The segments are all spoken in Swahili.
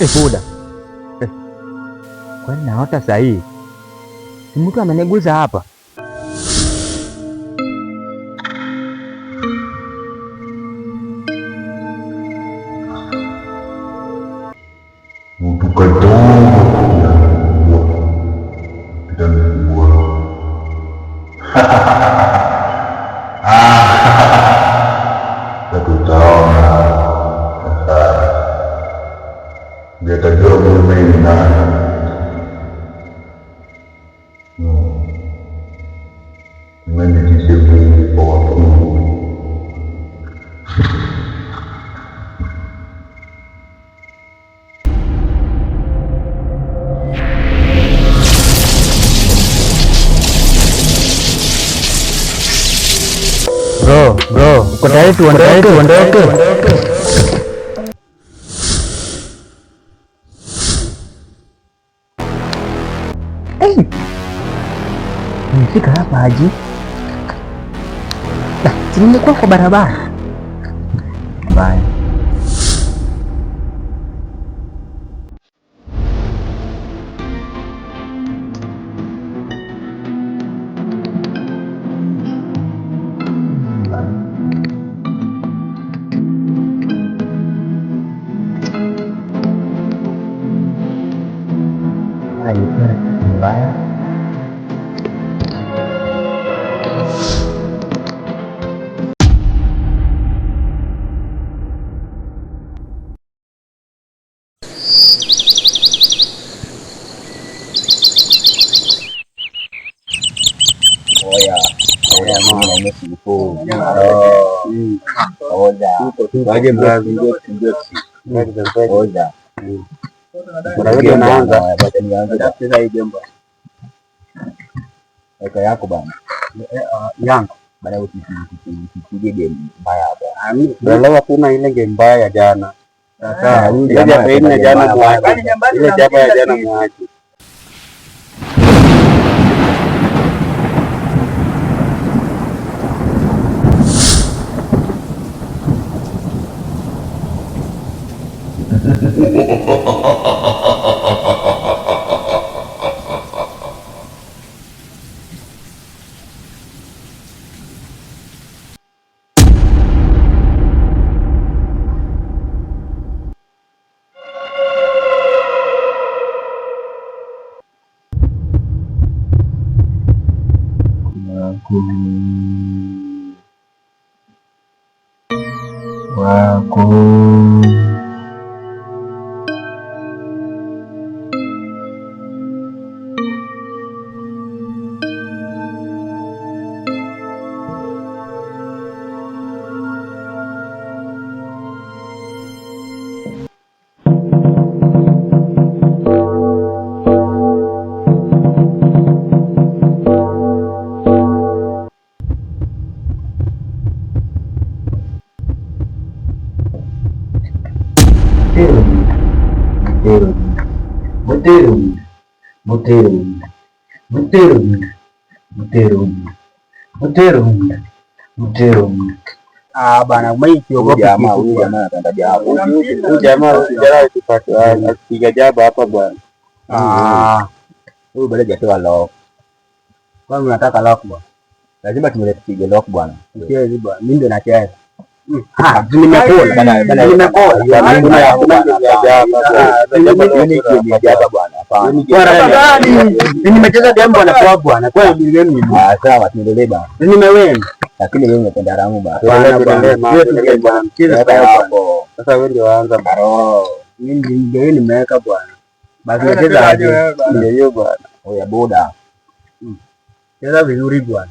Eh, buda, eh. kwani naota sahii Si mtu ameniguza hapa. Tuondoke, tuondoke, tuondoke. Hey. Nimefika hapa aji. Ah, Nimekuwa kwa barabara eka yako bana, yangu baadaye usipige game mbaya hapa. Kuna ile game mbaya ya jana, ile jana ya jana mwache Aku, aku, മുട്ടയിടുന്നുണ്ട് മുട്ടയിടുന്നുണ്ട് മുട്ടയിടുന്നുണ്ട് മുട്ടയിടുന്നുണ്ട് മുട്ടയിടുന്നുണ്ട് മുട്ടയിടുന്നുണ്ട് muteru ah bana maiki huyu jamaa huyu jamaa anataka jabu huyu jamaa jana akipiga jabu hapa bwana ah huyu bado hajatoa lock kwani unataka lock bwana lazima tumletipige lock bwana mimi ndio nacheza nimecheza demu bwana kwa bwana nimeweka bwana, basi nacheza cheza vizuri bwana.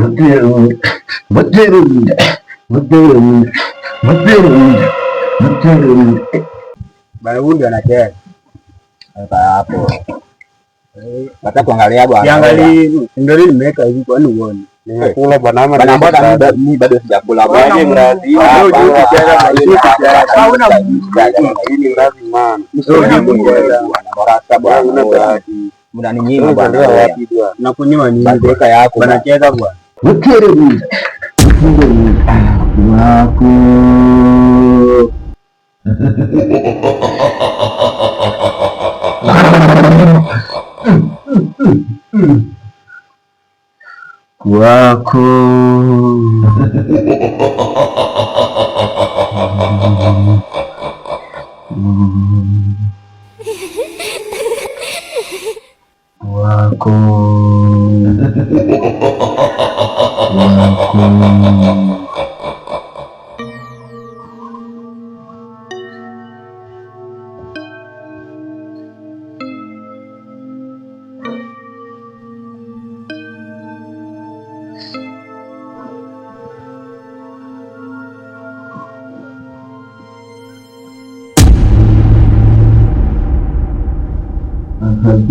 முத்திருந்த முத்திருந்த முத்திருந்த முத்திருந்த mutirunde Baraundi wanacheza sasa hapo hata kuangalia bwana, angalia ndio lini nimeweka hivi, kwani uone nimekula bwana, ama bwana, bwana mimi bado sijakula bwana, mradi hapa hauna mradi maana sio jibu bwana, baraka bwana, mnaninyima bwana, wapi bwana, nini? bwana, cheza bwana Berdiri Aku Guaku Guaku 我，我。打开第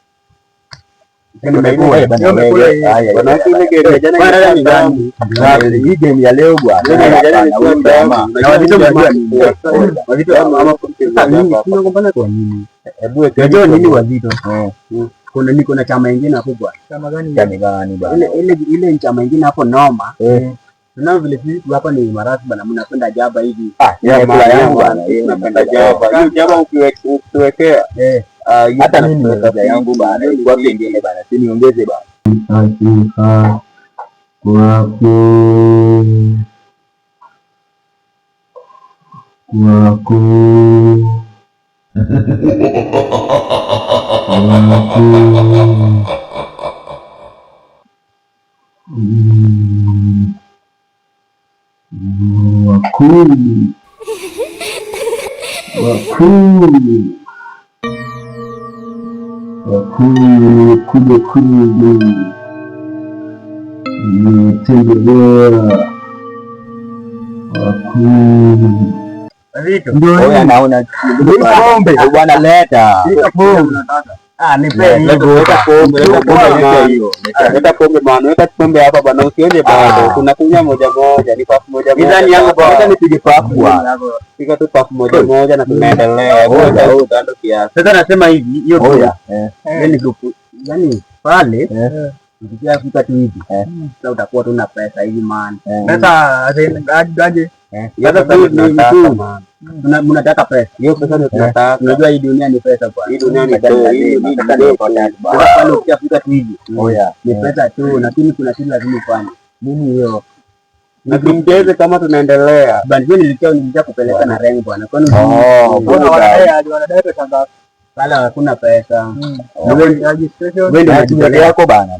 Yaani hii game ya leo bwana, wazito eh. hmm. kuna niko na chama ingine hapo bwana, ile chama ingine hapo noma tunao eh. vile sisi hapa ni marafiki bana, mnakwenda jaba hivi. Ah, jaba. ukiwekea eh. hata mimi nimekata yangu bana, ilikuwa pengine bana, si niongeze bana asifa kwako kwako wakuu wakuu wakuu kuja kwangu, nimetembelea wakuu ndio anaona bwana, leta Ah, leta pombe bwana, leta pombe hapa bwana, usiende bado. Tunakunywa ah. moja moja, ni pafu moja moja. Mizani yangu bwana, acha nipige pafu bwana. Pika tu pafu moja moja na tunaendelea. Sasa nasema hivi, hiyo pia. Eh, eh. Yaani pale eh. ukija fika tu hivi. Sasa utakuwa tu na pesa hivi man. Sasa aje mnataka eh, pesa. Eh, unajua hii dunia ni pesa, ukiafika tu hivi oh, eh, ni pesa tu, lakini kuna kitu lazima ufanye. Mimi hiyo Mjeze kama tunaendelea nilija kupeleka na rengo bwana, oh, oh, wala hakuna pesa yako mm. bana.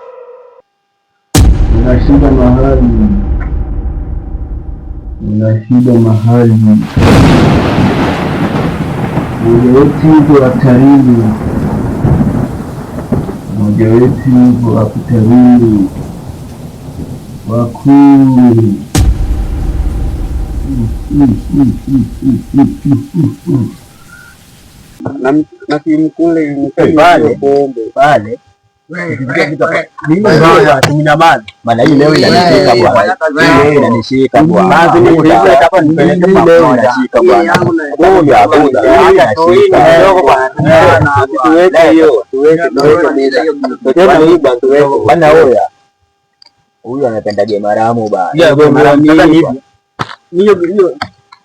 Nashida mahali, nashida mahali, moja wetu yuko hatarini, moja wetu yuko hatarini. Wakuu na kimkule pale Huyu anapendaje maramu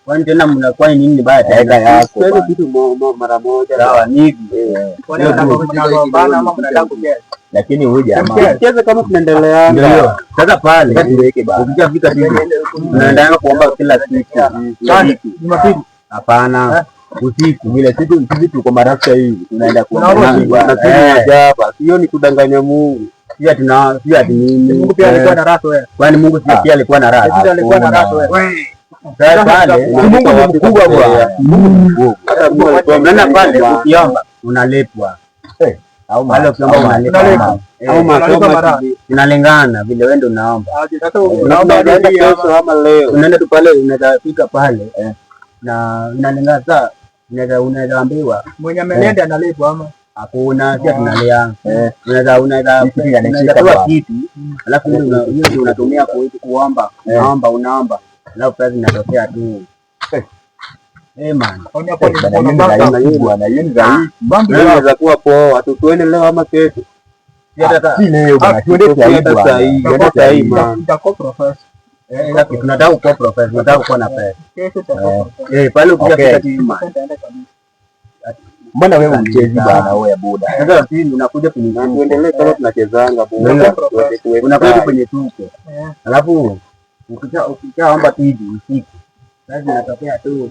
Wanitena mnakuwa ni nini baya taeka yako. Sawa, nivi. Kwa lakini huyu jamaa cheza kama tunaendelea sasa pale, vita ukishafika tunaendelea kuomba kila siku. Hapana, eh? usiku ile siku sisi tuko marafiki hivi, tunaenda hapa. Eh. Hiyo ni kudanganya Mungu. Pia tuna pia ni Mungu pia alikuwa na raha wewe, kwani Mungu pia ah. alikuwa na raha na Sasa wewe Mungu ni mkubwa bwana, Mungu mkubwa. pale ukiomba unalipwa inalingana vile wewe ndio unaomba. Ah, unaenda tu pale, unaweza fika pale eh. na inalingana saa, unaweza ambiwa mwenye amelenda eh. analipwa ama hakuna, sia tunalia. Ah. Eh, unaweza kitu alafu hiyo ndio unatumia kuomba, unaomba unaomba, alafu pesa inatokea tu. Eh, bwana ah, kuwa poa, hatutuende ah, leo ama ah, eh, eh, kesho. Mbona wewe mchezi bana wewe buda. Sasa pili unakuja kuningana. Tuendelee kama tunachezanga buda. Unakuja kwenye tuko. Alafu ukija ukikaa omba tiji usiku. Lazima natokea tu.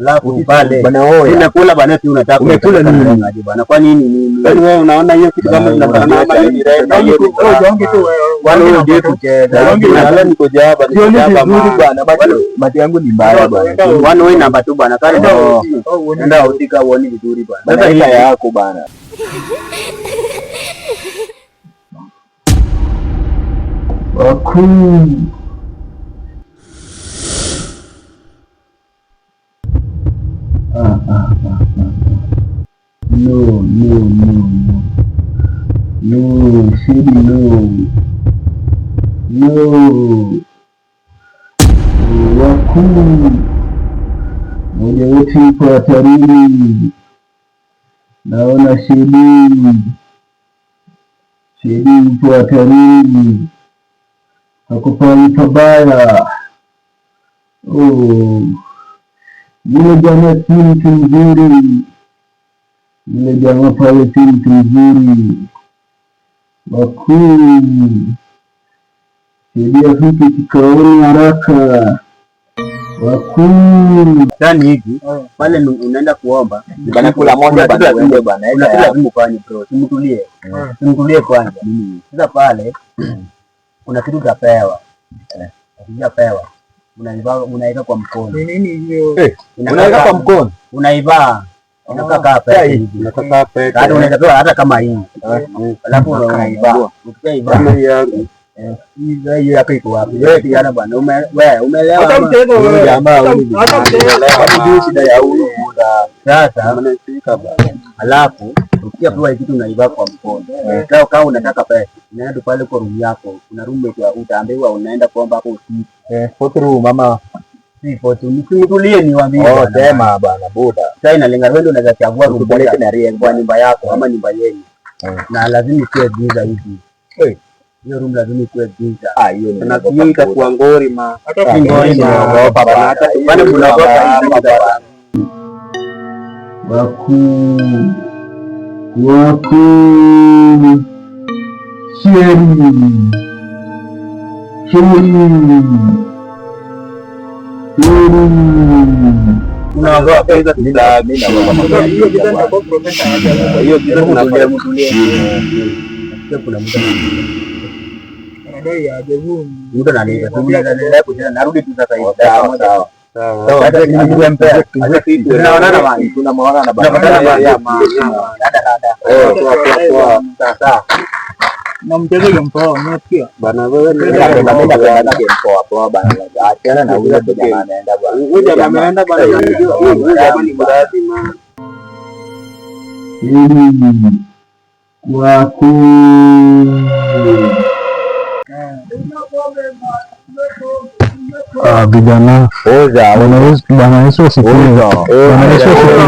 Alafu pale bwana wewe unakula bwana, si unataka umekula nini bwana? Kwa nini nini? Yaani wewe unaona hiyo kitu kama zinafanana na ni renda hiyo. tu wewe. Bwana wewe ndiye tucheza. Jonge na leo niko jaba, niko jaba bwana. Bado Mati yangu ni mbaya bwana. Bwana wewe namba tu bwana. Kale ndio. Nenda utika uone vizuri bwana. Sasa ile yako bwana. Wakuu No, no, no, no. No, Shady, no. No. Wakuu. Moja wetu yuko hatarini. Naona Shady. shedi yuko hatarini. Hakufanya pabaya. Oh. Yule jamaa si mtu mzuri. Yule jamaa pale si mtu mzuri. Wakuu, saidia vitu kikaoni haraka. Wakuu ndani hivi pale unaenda kuomba bana, kula moja bana, wewe bana, ila Mungu kwani bro, simtulie simtulie kwanza. Sasa pale kuna kitu utapewa, ukijapewa unaivaa, unaweka kwa mkono. Nini hiyo? Unaweka kwa mkono, unaivaa Yaani unataka hata kama hii, eh, hiyo iko wapi? Wewe kijana bwana, umeelewa? Yaani shida ya huyu eh. muda sasa, Alafu ukia pewa kitu kwa mkono, eh. kama unataka pesa, unaenda pale kwa yako, utaambiwa unaenda kuomba hapo usiku, room mama Sipo tu msimtulie, niwaambie oh, sema bana boda. Sasa inalenga wewe, unaweza chagua rumbuleke na riengo kwa nyumba yako ama nyumba yenu, eh. na lazima ikiwe giza hivi. Eh. Hiyo room lazima ikiwe giza, ah, na hiyo itakuwa ngori ma hata ngori ma baba, hata bana tunaogopa waku waku sheri sheri Tunaonana bana na mchezaji mpoa mwenyewe bana, wewe mpoa poa bana, achana na huyo jamaa anaenda bwana, huyo jamaa anaenda bwana, huyo ni mradi man wako Vijana Bwana Yesu asifiwe! Bwana Yesu asifiwe!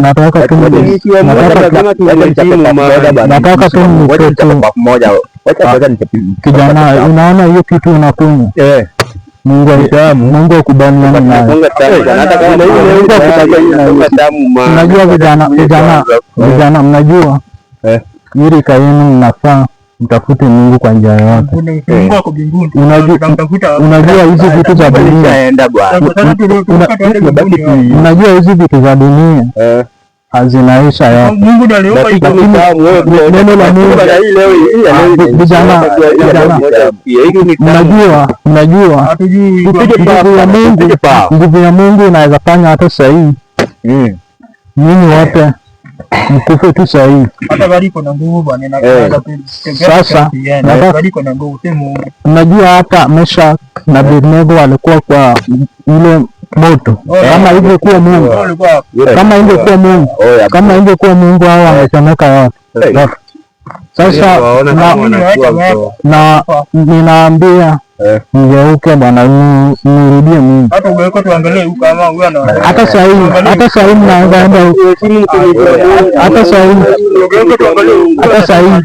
Nataka tu nataka tu kijana, unaona hiyo kitu unakunywa Mungu aitamu, Unajua vijana, vijana, vijana, mnajua eh, ili kaenu mnafaa mtafute Mungu kwa njia yote Unajua hizi vitu za dunia, unajua hizi vitu za dunia hazinaisha yote. Neno la Mungu, mnajua, ah, nguvu ya Mungu, nguvu ya Mungu inaweza fanya hata sahii mm. nyinyi wote mkufe tu sahihi. Sasa unajua hata Mesha na Abednego eh. walikuwa kwa ile moto oh, oh, kama ingekuwa Mungu, kama ingekuwa Mungu, kama ingekuwa Mungu hao wamechomeka yote. Sasa ninaambia Mgeuke eh. bwana, mnirudie mimi. Hata ugeuke ah, tuangalie huko Hata sasa naanza hapa. Hata sasa Hata sasa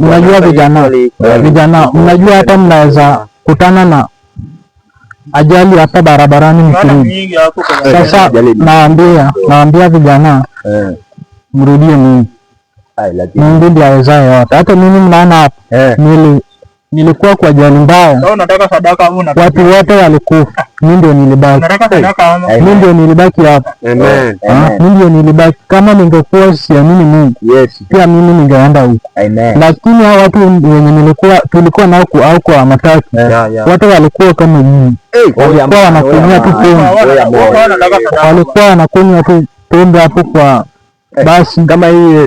Mnajua vijana, vijana mnajua hata mnaweza kutana na ajali hapa barabarani mkirudi. Sasa naambia, naambia vijana eh. mrudie mimi. Mungu awezaye yote. Hata mimi mnaona hapa eh. nili nilikuwa kwa jali mbaya, watu wote walikufa, mimi ndio nilibaki, mimi ndio nilibaki hapa, mimi ah, ndio nilibaki. Kama ningekuwa siamini Mungu, yes, pia mimi ningeenda huko, lakini hao watu wenye nilikuwa tulikuwa nao au kwa matatu, eh. wote walikuwa kama nyinyi, walikuwa wanakunywa tu pombe, walikuwa wanakunywa tu pombe hapo kwa eh. basi kama hii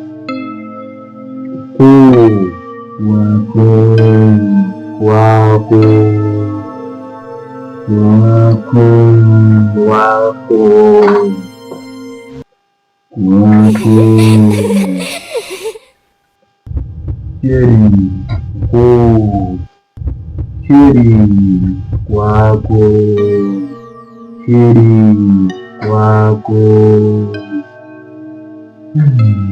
cô hoa khôn hoa khôn hoa khôn trên cô trên hoa cô trên hoa cô Hmm.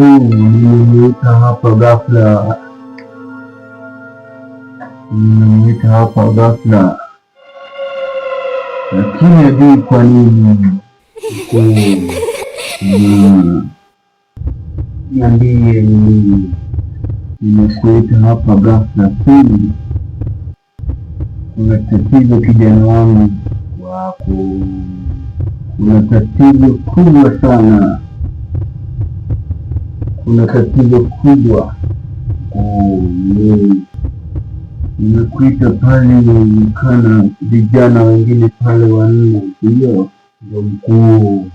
huu nilimuita hapa ghafla, nilimuita hapa ghafla, lakini ajui kwa nini. Niambie ni nimekuita hapa ghafla kweli? Kuna tatizo kijana wangu wako, kuna tatizo kubwa sana kuna tatizo kubwa nimekuita pale kana vijana wengine pale wanne, hiyo ndo mkuu,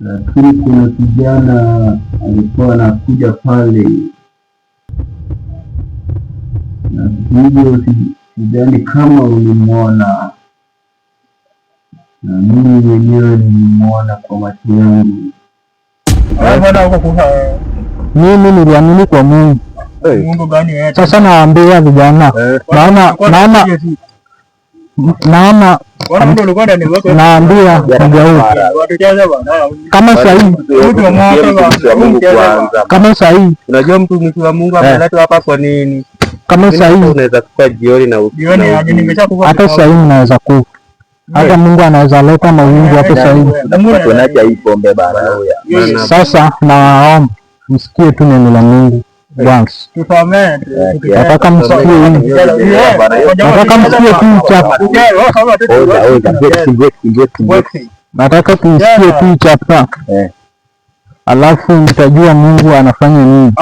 lakini kuna kijana alikuwa anakuja pale na hivyo sidhani kama ulimwona, na mimi mwenyewe nilimwona kwa macho yangu mimi niliamini kwa Mungu. Sasa nawaambia vijana, eh. naona naona naambia mgeuke kama sahii, kama sahii, unajua mtumishi wa Mungu eh. ameletwa hapa kwa nini? Kama sahii hata sahii mnaweza kufa eh. hata Mungu anaweza leta mawingu hapo sahii. Sasa nawaomba msikie tu neno la Mungu nataka msikie tu chapa, nataka tu chapa, alafu mtajua Mungu anafanya nini.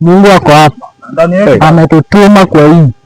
Mungu ako hapa, ametutuma kwa hii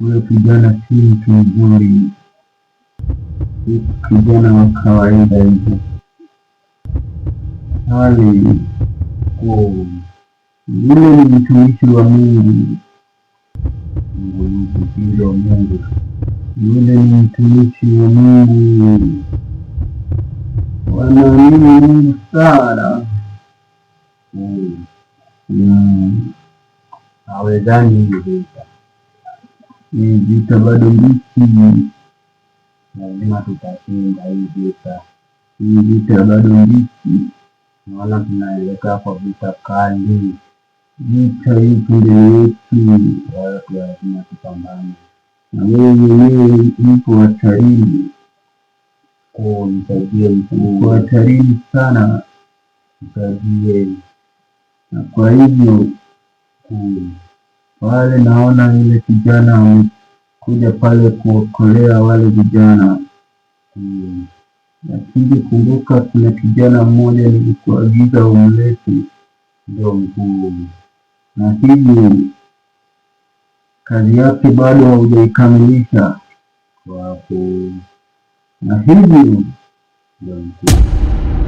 Huyo kijana si mtu mzuri, kijana wa kawaida hali Hali yule ni mtumishi wa Mungu, mtumishi wa Mungu, yule ni mtumishi wa Mungu, wanaamini Mungu sana hmm. hmm. awezani Vita bado mbichi, lazima tutashinda hii vita. Hii vita bado mbichi, naona tunaelekea kwa vita kali. Vita hii punde yetu, watu lazima tupambane, na wewe mwenyewe ipo hatarini, msaidie mkuu, uko hatarini sana, msaidie. Na kwa hivyo kuu wale naona yule kijana amekuja pale kuokolea wale vijana hmm. Lakini kumbuka, kuna kijana mmoja nilikuagiza umlete, ndio mkuu, na hivi kazi yake bado haujaikamilisha kwako, na hivi ndio mkuu.